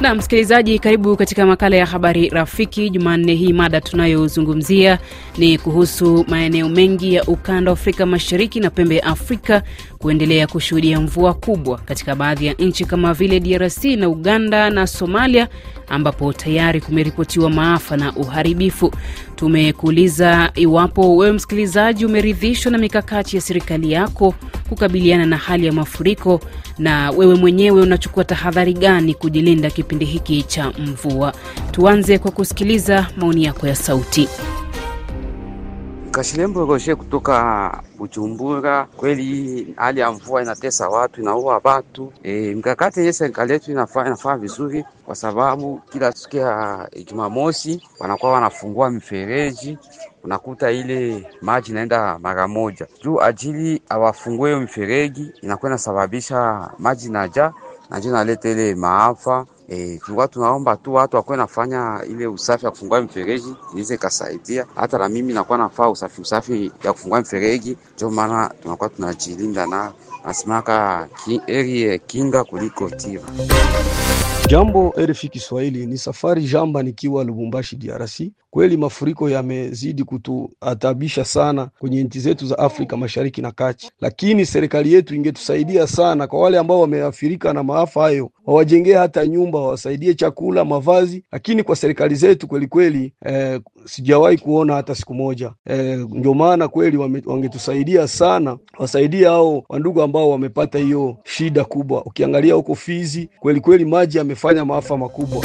Na msikilizaji, karibu katika makala ya habari rafiki. Jumanne hii mada tunayozungumzia ni kuhusu maeneo mengi ya ukanda wa Afrika Mashariki na pembe ya Afrika kuendelea kushuhudia mvua kubwa katika baadhi ya nchi kama vile DRC na Uganda na Somalia, ambapo tayari kumeripotiwa maafa na uharibifu. Tumekuuliza iwapo wewe msikilizaji umeridhishwa na mikakati ya serikali yako kukabiliana na hali ya mafuriko, na wewe mwenyewe unachukua tahadhari gani kujilinda kipindi hiki cha mvua. Tuanze kwa kusikiliza maoni yako ya sauti. Kashilembo Roger kutoka Bujumbura. Kweli hali ya mvua inatesa watu, inaua watu. E, mkakati yenye serikali yetu inafaa inafaa vizuri, kwa sababu kila siku ya Jumamosi wanakuwa wanafungua mifereji, unakuta ile maji inaenda mara moja juu ajili awafungue mifereji, inakuwa inasababisha maji naja najo naleta ile maafa E, tulikuwa tunaomba tu watu wakuwe nafanya ile usafi ya kufungua mfereji niweze kasaidia. Hata na mimi nakuwa nafaa usafi usafi ya kufungua mfereji ndio maana tunakuwa tunajilinda na nasimaka eri kinga kuliko tiba. Jambo RFI Kiswahili, ni safari jamba nikiwa Lubumbashi DRC. Kweli mafuriko yamezidi kutuatabisha sana kwenye nchi zetu za Afrika Mashariki na Kati, lakini serikali yetu ingetusaidia sana kwa wale ambao wameathirika na maafa hayo, wawajengee hata nyumba, wawasaidie chakula, mavazi. Lakini kwa serikali zetu kweli kweli, eh, sijawahi kuona hata siku moja eh, ndio maana kweli wame, wangetusaidia sana, wasaidie hao wandugu ambao wamepata hiyo shida kubwa. Ukiangalia huko Fizi kweli kweli maji yamefanya maafa makubwa.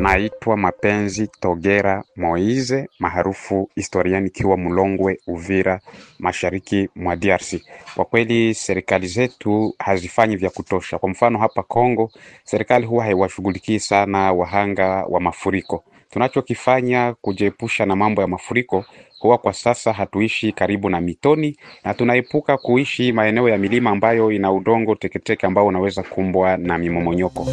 Naitwa Mapenzi Togera Moize maarufu historia, nikiwa Mlongwe, Uvira, mashariki mwa DRC. Kwa kweli serikali zetu hazifanyi vya kutosha. Kwa mfano hapa Kongo, serikali huwa haiwashughulikii sana wahanga wa mafuriko. Tunachokifanya kujiepusha na mambo ya mafuriko, huwa kwa sasa hatuishi karibu na mitoni na tunaepuka kuishi maeneo ya milima ambayo ina udongo teketeke ambao unaweza kumbwa na mimomonyoko.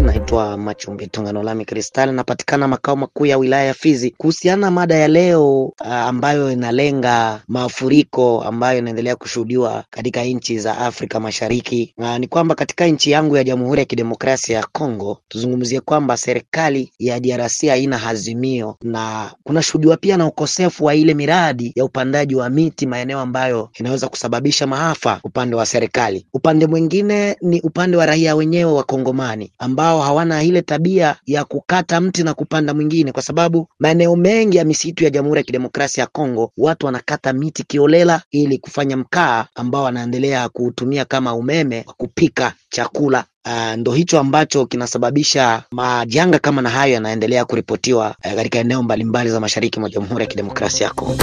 Naitwa Machumbi Tungano Lami Kristal, napatikana makao makuu ya wilaya ya Fizi. Kuhusiana na mada ya leo ambayo inalenga mafuriko ambayo inaendelea kushuhudiwa katika nchi za Afrika Mashariki, ni kwamba katika nchi yangu ya Jamhuri ya Kidemokrasia ya Kongo, tuzungumzie kwamba serikali ya DRC haina hazimio na kunashuhudiwa pia na ukosefu wa ile miradi ya upandaji wa miti maeneo ambayo inaweza kusababisha maafa upande wa serikali. Upande mwingine ni upande wa raia wenyewe wa Kongomani ambao ambao hawana ile tabia ya kukata mti na kupanda mwingine, kwa sababu maeneo mengi ya misitu ya Jamhuri ya Kidemokrasia ya Kongo watu wanakata miti kiolela ili kufanya mkaa ambao wanaendelea kuutumia kama umeme wa kupika chakula. Uh, ndo hicho ambacho kinasababisha majanga kama na hayo yanaendelea kuripotiwa eh, katika uh, eneo mbalimbali za mashariki mwa Jamhuri ya Kidemokrasia ya Kongo.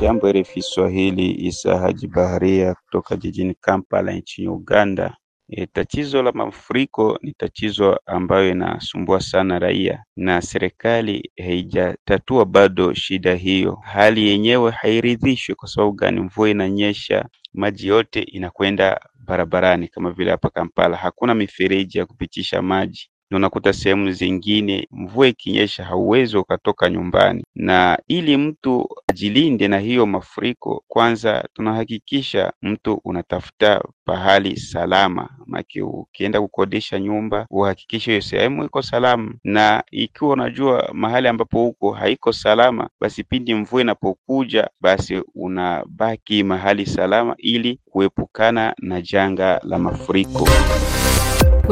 Jambo RFI Swahili, Isa Haji Baharia kutoka jijini Kampala nchini Uganda. E, tatizo la mafuriko ni tatizo ambayo inasumbua sana raia na serikali haijatatua bado shida hiyo. Hali yenyewe hairidhishwi. Kwa sababu gani? Mvua inanyesha, maji yote inakwenda barabarani. Kama vile hapa Kampala hakuna mifereji ya kupitisha maji, na unakuta sehemu zingine mvua ikinyesha hauwezi ukatoka nyumbani. Na ili mtu ajilinde na hiyo mafuriko, kwanza tunahakikisha mtu unatafuta pahali salama, maki ukienda kukodisha nyumba uhakikishe hiyo sehemu iko salama, na ikiwa unajua mahali ambapo huko haiko salama, basi pindi mvua inapokuja, basi unabaki mahali salama ili kuepukana na janga la mafuriko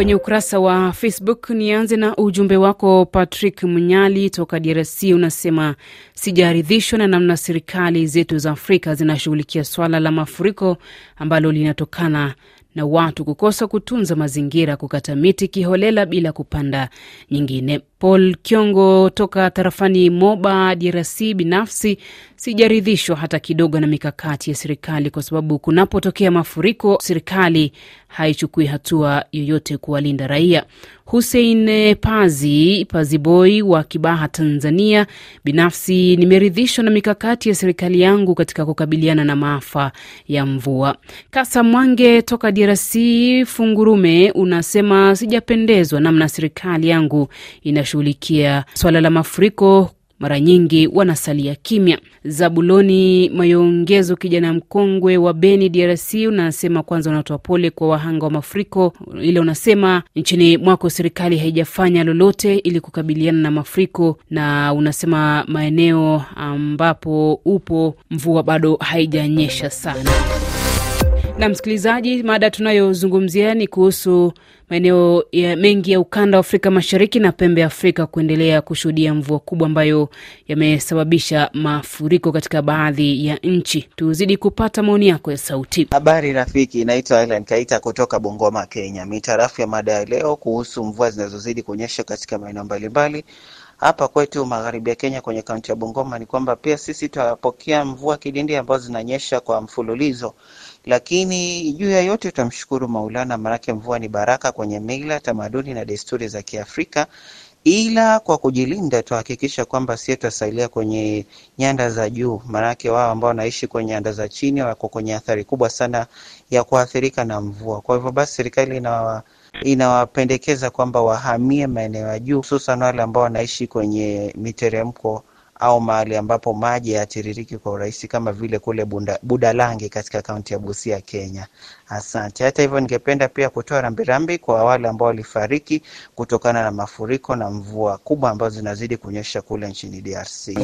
kwenye ukurasa wa Facebook. Nianze na ujumbe wako Patrick Mnyali toka DRC, unasema sijaridhishwa na namna serikali zetu za Afrika zinashughulikia swala la mafuriko ambalo linatokana na watu kukosa kutunza mazingira, kukata miti kiholela bila kupanda nyingine. Paul Kyongo toka tarafani Moba, DRC. Binafsi sijaridhishwa hata kidogo na mikakati ya serikali, kwa sababu kunapotokea mafuriko serikali haichukui hatua yoyote kuwalinda raia. Hussein Pazi Paziboi wa Kibaha, Tanzania. Binafsi nimeridhishwa na mikakati ya serikali yangu katika kukabiliana na maafa ya mvua. Kasa Mwange toka DRC Fungurume unasema sijapendezwa namna serikali yangu ina kushughulikia swala la mafuriko mara nyingi wanasalia kimya. Zabuloni Mayongezo, kijana mkongwe wa Beni, DRC, unasema kwanza unatoa pole kwa wahanga wa mafuriko, ila unasema nchini mwako serikali haijafanya lolote ili kukabiliana na mafuriko, na unasema maeneo ambapo upo mvua bado haijanyesha sana. Na msikilizaji, mada tunayozungumzia ni kuhusu maeneo mengi ya ukanda wa Afrika Mashariki na pembe ya Afrika kuendelea kushuhudia mvua kubwa ambayo yamesababisha mafuriko katika baadhi ya nchi. Tuzidi kupata maoni yako ya sauti. Habari rafiki, inaitwa Helen Kaita kutoka Bungoma, Kenya. Mitarafu ya mada ya leo kuhusu mvua zinazozidi kuonyesha katika maeneo mbalimbali hapa kwetu magharibi ya Kenya kwenye kaunti ya Bungoma ni kwamba pia sisi tunapokea mvua kidindi ambazo zinanyesha kwa mfululizo, lakini juu ya yote tutamshukuru Maulana, maanake mvua ni baraka kwenye mila, tamaduni na desturi za Kiafrika ila kwa kujilinda tuhakikisha kwamba sie tutasalia kwenye nyanda za juu, maanake wao ambao wanaishi kwenye nyanda za chini wako kwenye athari kubwa sana ya kuathirika na mvua. Kwa hivyo basi serikali na wa inawapendekeza kwamba wahamie maeneo ya juu, hususan wale ambao wanaishi kwenye miteremko au mahali ambapo maji hayatiririki kwa urahisi kama vile kule Bunda, Budalangi katika kaunti ya Busia, Kenya. Asante. Hata hivyo, ningependa pia kutoa rambirambi kwa wale ambao walifariki kutokana na mafuriko na mvua kubwa ambazo zinazidi kunyesha kule nchini DRC. E,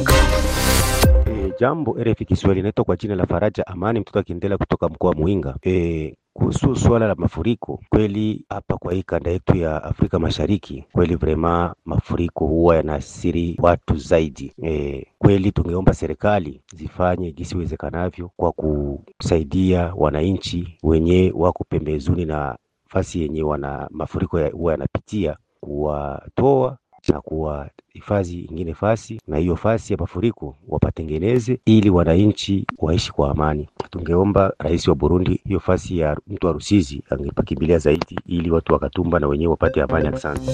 eh, jambo RFI Kiswahili, inaitwa kwa jina la Faraja Amani, mtoto akiendelea kutoka mkoa wa Muinga. E, eh, kuhusu suala la mafuriko, kweli hapa kwa hii kanda yetu ya Afrika Mashariki, kweli vrema mafuriko huwa yanaasiri watu zaidi. E, kweli tungeomba serikali zifanye jinsi iwezekanavyo kwa kusaidia wananchi wenye wako pembezoni na fasi yenye wana mafuriko huwa ya, yanapitia kuwatoa cha kuwahifadhi ingine fasi, na hiyo fasi ya mafuriko wapatengeneze ili wananchi waishi kwa amani. Tungeomba rais wa Burundi hiyo fasi ya mtu wa Rusizi angepakimbilia zaidi, ili watu wakatumba na wenyewe wapate amani. Asante.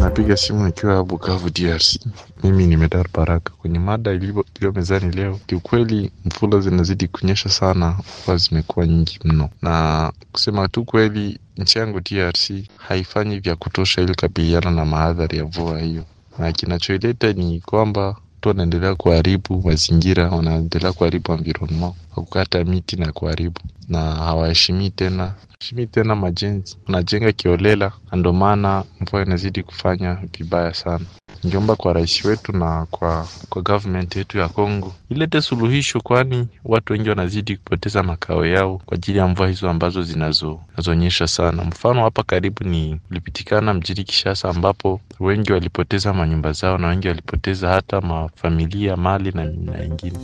Napiga simu nikiwa Bukavu, DRC. Mimi ni Medar Baraka. Kwenye mada iliyo mezani leo, kiukweli mvula zinazidi kunyesha sana, kwa zimekuwa nyingi mno, na kusema tu kweli, nchi yangu DRC haifanyi vya kutosha ili kabiliana na maadhari ya mvua hiyo, na kinacholeta ni kwamba watu wanaendelea kuharibu mazingira, wanaendelea kuharibu environment kwa kukata miti na kuharibu na hawaheshimii tena heshimii tena majenzi, wanajenga kiolela, na ndio maana mvua inazidi kufanya vibaya sana. Ningeomba kwa rais wetu na kwa, kwa government yetu ya Kongo ilete suluhisho, kwani watu wengi wanazidi kupoteza makao yao kwa ajili ya mvua hizo ambazo zinazonyesha sana. Mfano hapa karibu ni ulipitikana mjini Kishasa, ambapo wengi walipoteza manyumba zao na wengi walipoteza hata mafamilia, mali na mingine.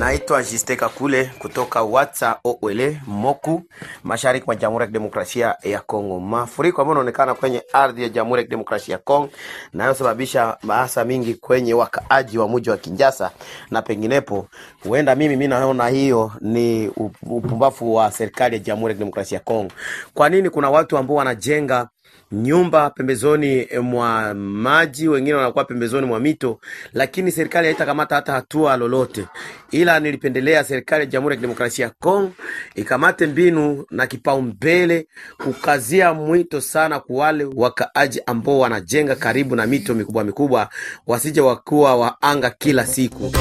Naitwa Jiste Kule kutoka Watsa Owele Moku, mashariki mwa Jamhuri ya Kidemokrasia ya Kongo. Mafuriko ambayo yanaonekana kwenye ardhi ya Jamhuri ya Kidemokrasia ya Kongo nayosababisha maasa mingi kwenye wakaaji wa mji wa Kinjasa na penginepo. Huenda mimi mi naona hiyo ni upumbavu wa serikali ya Jamhuri ya Kidemokrasia ya Kongo. Kwa nini kuna watu ambao wanajenga nyumba pembezoni eh, mwa maji, wengine wanakuwa pembezoni mwa mito, lakini serikali haitakamata hata hatua lolote. Ila nilipendelea serikali ya Jamhuri ya Kidemokrasia ya Kongo ikamate mbinu na kipaumbele kukazia mwito sana kwa wale wakaaji ambao wanajenga karibu na mito mikubwa mikubwa, wasije wakuwa waanga kila siku.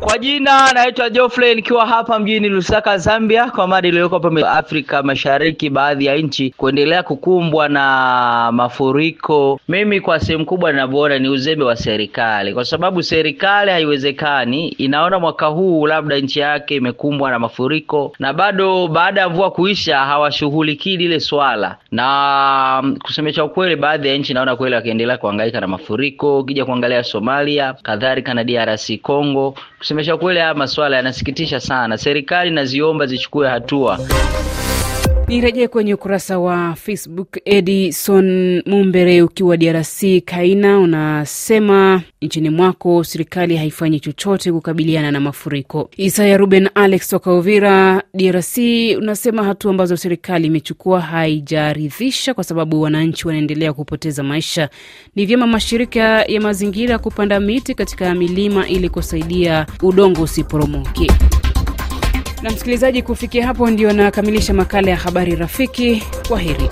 Kwa jina naitwa Geoffrey nikiwa hapa mjini Lusaka, Zambia, kwa mada iliyoko hapa Afrika Mashariki, baadhi ya nchi kuendelea kukumbwa na mafuriko. Mimi kwa sehemu kubwa ninavyoona ni uzembe wa serikali, kwa sababu serikali haiwezekani inaona mwaka huu labda nchi yake imekumbwa na mafuriko, na bado baada ya mvua kuisha hawashughulikii lile swala, na kusemesha ukweli, baadhi ya nchi naona kweli wakiendelea kuhangaika na mafuriko, ukija kuangalia Somalia kadhalika na DRC Congo Kusemesha kweli, haya masuala yanasikitisha sana. Serikali naziomba zichukue hatua. Nirejee kwenye ukurasa wa Facebook. Edison Mumbere ukiwa DRC Kaina unasema nchini mwako serikali haifanyi chochote kukabiliana na mafuriko. Isaya Ruben Alex toka Uvira DRC unasema hatua ambazo serikali imechukua haijaridhisha kwa sababu wananchi wanaendelea kupoteza maisha. Ni vyema mashirika ya mazingira kupanda miti katika milima ili kusaidia udongo usiporomoke. Na msikilizaji, kufikia hapo ndio nakamilisha makala ya habari rafiki. Kwa heri.